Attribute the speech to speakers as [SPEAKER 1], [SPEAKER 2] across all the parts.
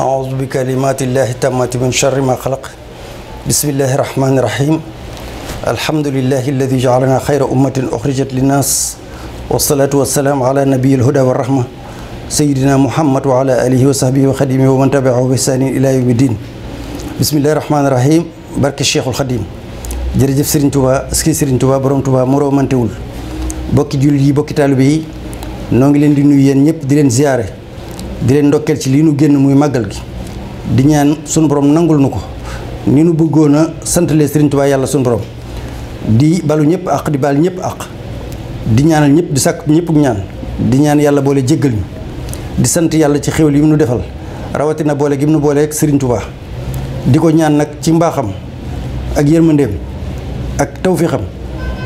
[SPEAKER 1] أعوذ بكلمات الله التامة من شر ما خلق بسم الله الرحمن الرحيم الحمد لله الذي جعلنا خير أمة أخرجت للناس والصلاة والسلام على نبي الهدى والرحمة سيدنا محمد وعلى آله وصحبه وخديمه ومن تبعه بإحسان إلى يوم الدين بسم الله الرحمن الرحيم بارك الشيخ الخديم جرجف Serigne توبا سكي Serigne توبا بروم توبا مرو من تول بوكي جولي بوكي yi noo ngi leen نيب دي yéen di len dokkel ci li nu genn muy magal gi di ñaan suñu borom nangul nuko ni nu bëggona a le serigne touba yalla suñu borom di balu ñëpp ak di bal ñëpp ak di ñaanal ñëpp di sak ñëpp ñaan di ñaan yalla boole jéggal ñu di sant yalla ci xewal yi mu nu defal rawatina boole gi mu boole ak serigne touba di ko ñaan nak ci mbaxam ak yermandem ak tawféexam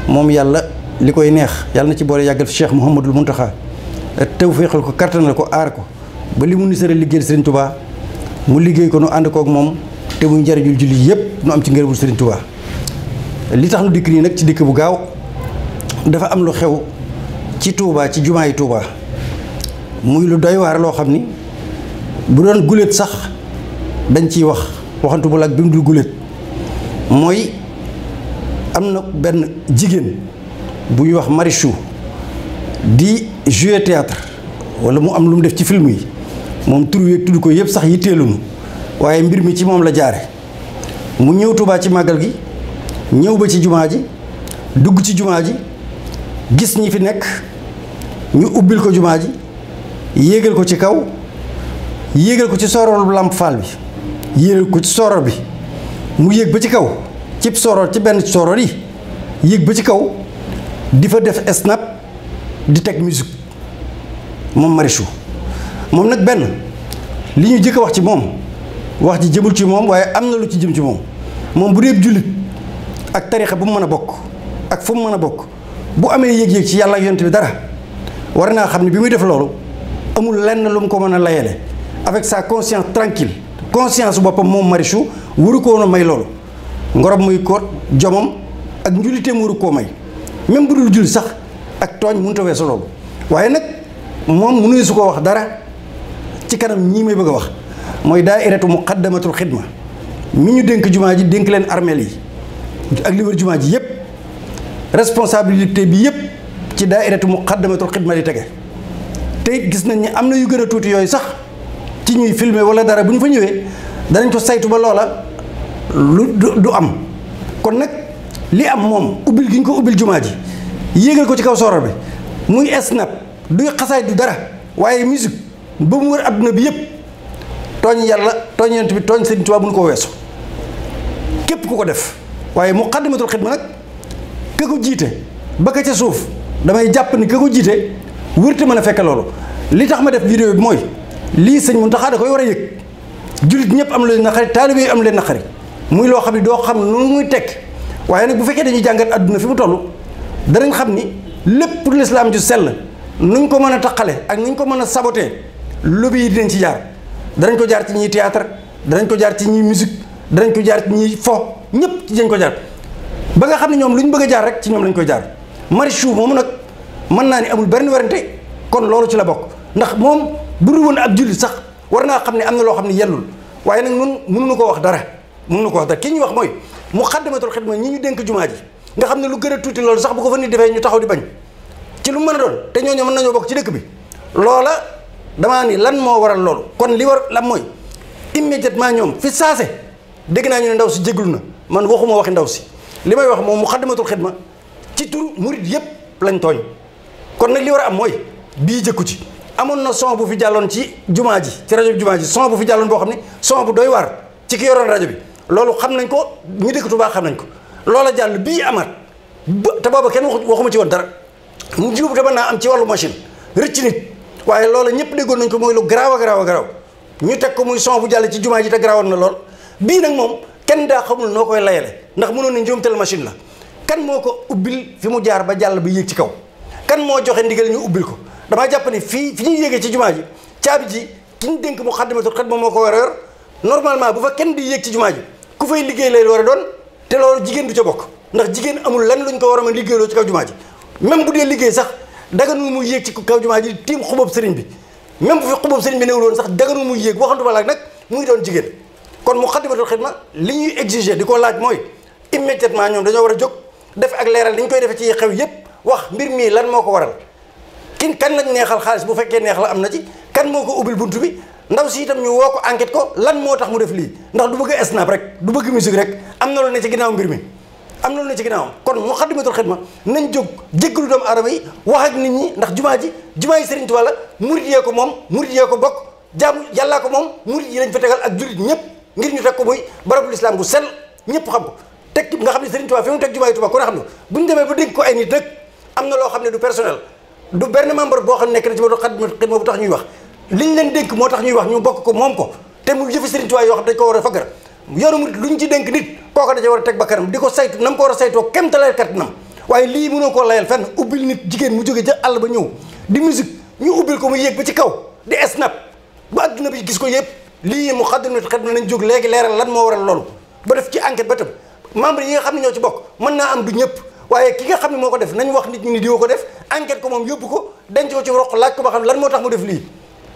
[SPEAKER 1] mom yalla likoy neex yalla na ci boole yagal cheikh mohammed Mouhamadul ko kartanal ko ar ko ba li mu ni sëriñ liggéeyal sëriñ Touba mu liggéey ko nu ànd kook moom te muy njariñul julli yëpp nu am ci ngërëmul sëriñ Touba li tax nu dikk nii nag ci dikk bu gaaw dafa am lu xew ci Touba ci jumaa yi Touba muy lu doy waar loo xam ni bu doon guléet sax dañ ciy wax waxantu bu laag bi mu dul guléet mooy am na benn jigéen bu wax Marichou di jouer théâtre wala mu am lu mu def ci film yi moom tur yeeg tudd ko yëpp sax yitteelunu waaye mbir mi ci moom la jaare mu ñëw Tuubaa ci màggal gi ñëw ba ci jumaa ji dugg ci jumaa ji gis ñi fi nekk ñu ubbil ko jumaa ji yéegal ko ci kaw yéegal ko ci soorool Lamp Fall bi yéegal ko ci sooroor bi mu yéeg ba ci kaw cib sooroor ci benn sooroor yi yéeg ba ci kaw di fa def snap di teg musique moom Marichou moom nag benn li ñu jëkk a wax ci moom wax ji jëmul ci moom waaye am na lu ci jëm ci moom moom bu dee jullit ak tarixa bu mu mën a bokk ak fu mu mën a bokk bu amee yëg-yëg ci yàlla ak yonent bi dara war naa xam ne bi muy def loolu amul lenn lu mu ko mën a layale avec sa conscience tranquille conscience boppam moom Marichou waru ko a may loolu ngorob muy ko jomam ak njuliteem waru koo may même bu dul julli sax ak tooñ mënut a weesu loolu mom munuy suko wax dara ci kanam ñi may bëgg wax moy da'iratu muqaddamatul khidma mi ñu denk jumaa ji dénk leen armel yi ak li wër jumaa ji yépp responsabilité bi yépp ci da'iratu muqaddamatul khidma di tege te gis nañ ni amna yu gëna tuti yoy sax ci ñuy filmer wala dara buñ fa ñëwé dañ ko saytu ba loola lu du am kon nak li am mom ubil giñ ko ubil jumaa ji ko ci kaw soror bi muy snap du xasaay du dara waaye musique ba mu wër adduna bi yëpp tooñ yàlla tooñ yonent bi tooñ seen Tuubaa bu ñu ko weesu képp ku ko def waaye Muqaddimatul Xidma nag ka ko jiite ba ka ca suuf damay jàpp ni ka ko jiite wërte mën a fekk loolu li tax ma def vidéo bi mooy lii sëñ Muntaxa da koy war a yëg jullit ñëpp am leen naqari taalibe yi am leen naqari muy loo xam ne doo xam nu muy tekk waaye nag bu fekkee dañuy jàngat adduna fi mu toll danañ xam ni lépp pour l'islam ju sell nuñ ko mëna takalé ak nuñ ko mëna saboter saboté yi dinañ ci jaar dañ ko jaar ci ñi théâtre dañ ko jaar ci ñi musique dañ ko jaar ci ñi fo ñëpp ci dañ ko jaar ba nga xamni ñom luñ bëgg jaar rek ci ñom lañ koy jaar Marichou mom nak man na ni amul bern kon loolu ci la bok ndax mom bu ru won ab jullit sax war naa xam ne am na yellul waye nak nun ñu ko wax dara mënuñu ko wax dara ki ñu wax moy mu xaddamatul ñi ñu denk nga xamni lu gëna tuti loolu sax bu ko fa ni defé ñu taxaw di bañ ci lu mën doon te ñooñu mën ñoo lola, ci dëkk bi loola dama ni lan mo waral lool kon li war lan moy immédiatement ñoom fi saase dégg na ñu ndaw ci jéglu na man waxuma waxi ndaw ci limay wax moom mu khidma ci tur mouride yépp lañ togn kon nak li war am moy bi jëkku ci amon na son bu fi jallon ci jumaa ji ci radio son bu fi jallon bo xamni son bu doy war ci ki yoron radio bi loolu xam nañ ko ñu dëkk tuba xam nañ ko loola jall bi amat te bobu kenn waxuma ci won dara mu juub dama naa am ci wàllu machine rëcc nit waaye loola ñëpp déggoon nañ ko mooy lu garaaw a garaaw a ñu teg ko muy son bu jàll ci jumaa ji te garaawoon na lool bii nag moom kenn daa xamul noo koy layale ndax mënoon ne njuumtal machine la kan moo ko ubbil fi mu jaar ba jàll ba yéeg ci kaw kan moo joxe ndigal ñu ubbil ko damaa jàpp ni fii fi ñuy yéegee ci jumaa ji caabi ji ki ñu dénk mu xaddamatul xadma moo ko war a yor bu fa kenn di yéeg jumaa ji ku fay lay war a loolu jigéen du ca bokk ndax jigéen amul lan luñ ko war a mën liggéeyloo ci kaw jumaa ji même bu dee liggéey sax daganul mu yéeg ci kaw jumaa ji tiim xuboob sëriñ bi même bu fi xuboob sëriñ bi newul woon sax daganul mu yéeg waxantuma laak nag mu ngi doon jigéen kon mu xaddimatul xidma li ñuy exiger di ko laaj mooy immédiatement ñoom dañoo war a jóg def ak leeral li ñu koy defee ci xew yépp wax mbir mii lan moo ko waral kin kan lañ neexal xaalis bu fekkee neex la am na ci kan moo ko ubbil bunt bi ndaw si itam ñu woo ko enquête ko lan moo tax mu def lii ndax du bëgg snap rek du bëgg musique rek am na loolu ci ginnaaw mbir mi amna lu ne ci ginaaw kon muqaddimatul khidma nañ jog jéggalu doomu araba yi wax ak nit ñi ndax jumaa ji jumaa yi Sëriñ Tuubaa la mouride ko moom murid ko bokk ko mom mouride yi lañ fa tegal ak jurit ñëpp ngir ñu teg ko buy barabul islam bu sel ñëpp xam ko teg nga xamni serigne touba fi mu tek jumaa yi ko xamni xam ne bu ba ko ay nit rek amna lo xamni du personnel du benn membre bo xamni nek na ci muqaddimatul khidma bu tax ñuy wax liñ leen dénk mo tax ñuy wax ñu bok ko mom ko té mu jëfi serigne touba yo xam dañ ko wara fagar yoonu luñ ci denk nit kooka dañ ca war a teg ba di ko saytu na mu ko war a saytoo kem talaay kattanam waaye lii mënoo koo layal fenn ubbil nit jigéen mu jóge ca àll ba ñëw di musique ñu ubbil ko mu yéeg ba ci kaw di snap ba adduna bi gis ko yëpp lii mu xaddamnati xaddam nañ jóg léegi leeral lan moo waral loolu ba def ci enquête ba tam yi nga xam ne ñoo ci bokk mën naa am du ñëpp ki nga xam ne moo ko def nañ wax nit ñi ni diwoo ko def enquête ko moom yóbbu ko denc ko ci roq laaj ko ba xam lan moo tax mu def lii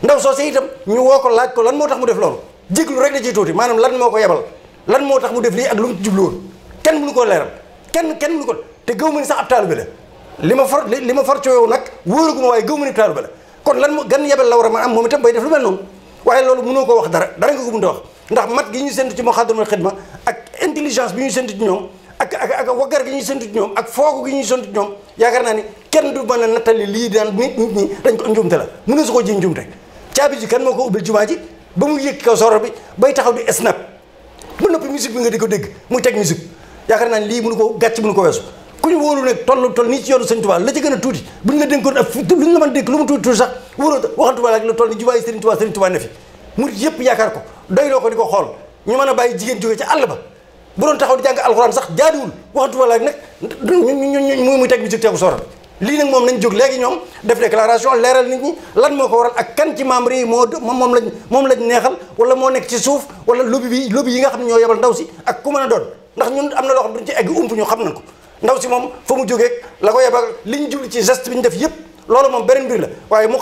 [SPEAKER 1] ndaw soo see itam ñu woo ko laaj ko lan moo tax mu def loolu jéglu rek da ciy tuuti maanaam lan moo ko yebal lan mo tax mu def li ak lu mu jubluwoon kenn kan ko leral ken ken mu ko te gëw mu ni sax ab taalibe la lima for lima for ci yow nag wóoraguma waaye gëw ni taalibe la kon lan mo gan yebal lawra ma am momi tam bay def lu mel waye waaye mu no ko wax dara dara nga ko mën wax ndax mat gi ñu sentu ci muxaddamatul khidma ak intelligence bi ñu sentu ci ñom ak ak ak wagar gi ñu sentu ci ñom ak foogu gi ñu sentu ci ñom yaakar na ni ken du bana natali li dal nit nit ni dañ ko njumte la mu na su ko ji njumte abi ji kan moko ubil jumaaji ba mu yek kaw soror bi bay taxaw di snap ba noppi musique bi nga di ko dégg muy teg musique yaakaar naa ne lii mënu ko gàcc mënu ko weesu ku ñu wóolu nag toll toll nii ci yoonu Sëriñ Tuubaa la ci gën a tuuti bu ñu la dénkoon ak lu lu mu tuuti tuuti sax wóoroo waxantuma rek lu toll ni jubaay Sëriñ Tuubaa Sëriñ Tuubaa ne fi murit yëpp yaakaar ko doy loo ko di ko xool ñu mën a bàyyi jigéen jóge ci àll ba bu doon taxaw di jàng alxuraan sax jaaduwul waxantuma rek nag muy muy teg musique teegu sooral lii nag moom nañ jóg léegi ñoom def déclaration leeral nit ñi lan moo ko waral ak kan ci membre yi moo moom lañ moom lañ neexal wala moo nekk ci suuf wala lobby bi lobby yi nga xam ne ñoo yebal ndaw si ak ku mën a doon ndax ñun am na loo xam duñ ko ndaw si moom fa mu la ko yebal li ñu jubli ci geste bi ñu def yëpp loolu moom beneen la waaye mu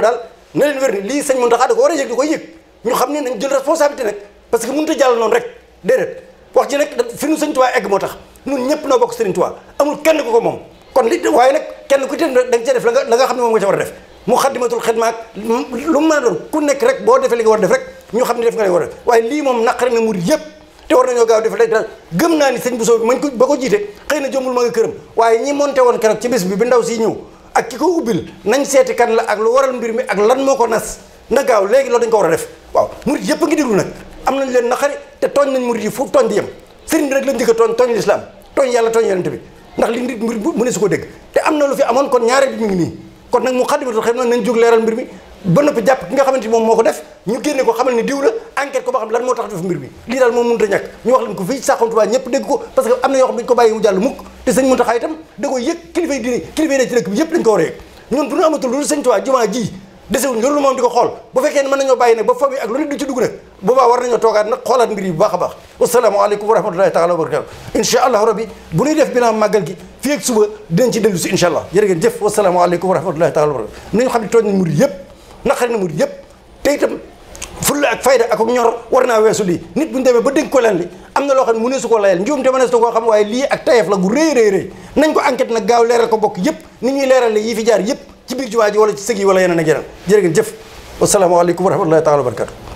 [SPEAKER 1] daal na leen wér ni lii sëñ Mountakha da ko war a yëg di koy yëg ñu xam ne nañ jël responsabilité nag parce que mun a jàll noonu rek déedéet wax ji nag fi nu sëñ Tuubaa egg moo tax ñun ñëpp noo bokk sëriñ Tuubaa amul kenn ko ko moom kon li waaye kenn ku ci da nga cee def la nga la nga xam ne moom nga ca war a def mu xaddimatul xidma ak lu mu a doon ku nekk rek boo defee li nga war a def rek ñu xam ne def nga li nga war a def waaye lii moom naqari na murid yëpp te war naa ni sëñ Bousso mañ ko ba ko jiite xëy na jombul ma nga këram waaye ñi monté woon keroog ci bis bi bi ndaw si ñëw ak ki ko ubbil nañ seeti kan la ak lu waral mbir mi ak lan moo ko nas na gaaw léegi loolu dañ ko war a def waaw murid yëpp ngi déglu nag am nañ leen naqari te tooñ nañ murid yi fu tooñ di yem sëriñ rek lañ njëkk a tooñ lislaam tooñ yàlla tooñ yonent bi ndax li nit mbir mu ne su ko deg te amna lu fi amone kon ñaare bi mi ngi nii kon nak mu xaddimatul xëy na nañ jog leral mbir mi ba nepp japp ki nga xamanteni mom moko def ñu genné ko xamal ni diiw la enquête ko ba xam lan mo tax def mbir mi li dal mo mën ta ñak ñu wax lañ ko fi saxon tuba ñepp deg ko parce que amna yo xam dañ ko bayyi mu jall mukk te sëñ Muntaxa itam da koy yek kilifa yi diine kilifa yi ci rek bi yëpp dañ ko wore ñun bu ñu amatu lu señ tuba juma ji desewul ñu lu mom diko xol bu fekkee ne mën nañoo bàyyi nag ba fami ak lu nit du ci dugg rek boobaa war nañoo toogaat nag xoolaat mbir yi bu baax a baax wasalaamaaleykum wa rahmatulahi taala wa barakatu incha allah rabbi bu ñuy def bilan màggal gi fii ak suba dinañ ci dellu si incha allah jërë ngeen jëf wasalaamaaleykum wa rahmatulahi taala wa barakatu nañu xam ne tooñ nañ murid yëpp naqari na murid yëpp te itam fulla ak fayda ak ñor war naa weesu lii nit bu ñu demee ba dénk ko leen li am na loo xam ne mu ne su ko layal njuum te mënees na koo xam waaye lii ak tayef la gu rëy rëy rëy nañ ko enquête nag gaaw leeral ko bokk yëpp ni ñuy leeral yi fi jaar yëpp ci biir jumaa ji wala ci sëg yi wala yeneen ak yeneen jërë ngeen jëf wasalaamaaleykum wa rahmatulahi taala wa barakatu